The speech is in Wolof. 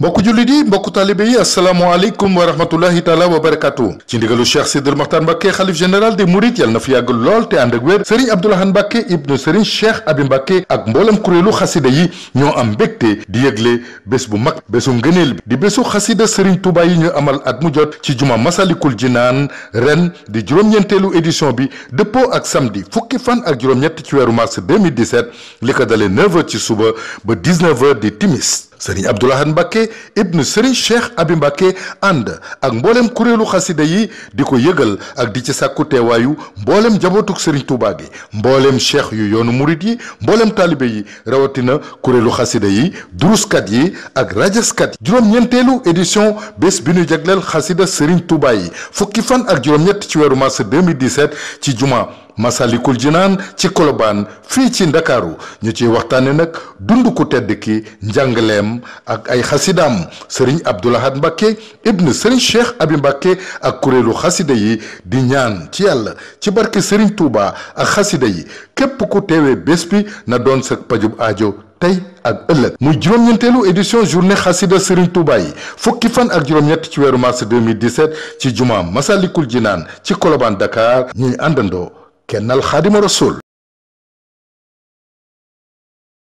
mbokku jullit yi mbokku taalibe yi asalaamaaleykum wa rahmatullahi taala wa barakatu ci ndigalu cheikh sidil moxtaar mbàkke xalif général des mourides yàlla na fi yàgg lool te ànd ak wér sëriñ abdoulahan mbàkke ibnu sëriñ cheikh abi mbàkke ak mboolam kuréelu xasida yi ñoo am mbégte di yëgle bés bu mag bésu ngëneel bi di bésu xasida sëriñ tuuba yi ñu amal at mu jot ci juma masalikul jinaan ren di juróom-ñeenteelu édition bi dëppoo ak samedi fukki fan ak juróom-ñett ci weeru mars 2017 li ko dalee 9 heures ci suba ba 19 heures di timis sëriñ Abdoul Ahad Mbacke ibnu sëriñ Cheikh Abi Mbacke ànd ak mbooleem kuréelu xasida yi di ko yëgal ak di ci sàkku teewaayu mboolem jabootug sëriñ Touba gi mboolem cheikh yu yoonu murit yi mbooleem taalibe yi rawatina kuréelu xasida yi duruskat yi ak rajaskat yi juróom-ñeenteelu édition bés bi ñu jagleel xasida sëriñ Touba yi fukki fan ak juróom-ñett ci weeru mars 2017 ci jumaa masalikul jinaan ci kolobaan fii ci ndakaaru ñu ciy waxtaane nag dund ku tedd ki njàngaleem ak ay xasidaam sëriñ abdoulahad mbàkke ibn sëriñ cheikh abi mbàkke ak kuréelu xasida yi di ñaan ci yàlla ci barke sëriñ tuuba ak xasida yi képp ku teewee bés bi na doon sa pajub aajo tey ak ëllëg muy juróom-ñeenteelu édition journée xasida Serigne Touba yi fukki fan ak juróom-ñett ci weeru mars 2017 ci jumaa Masalikul Jinaan ci Kolobaan Dakar ñuy àndandoo كان الخادم الرسول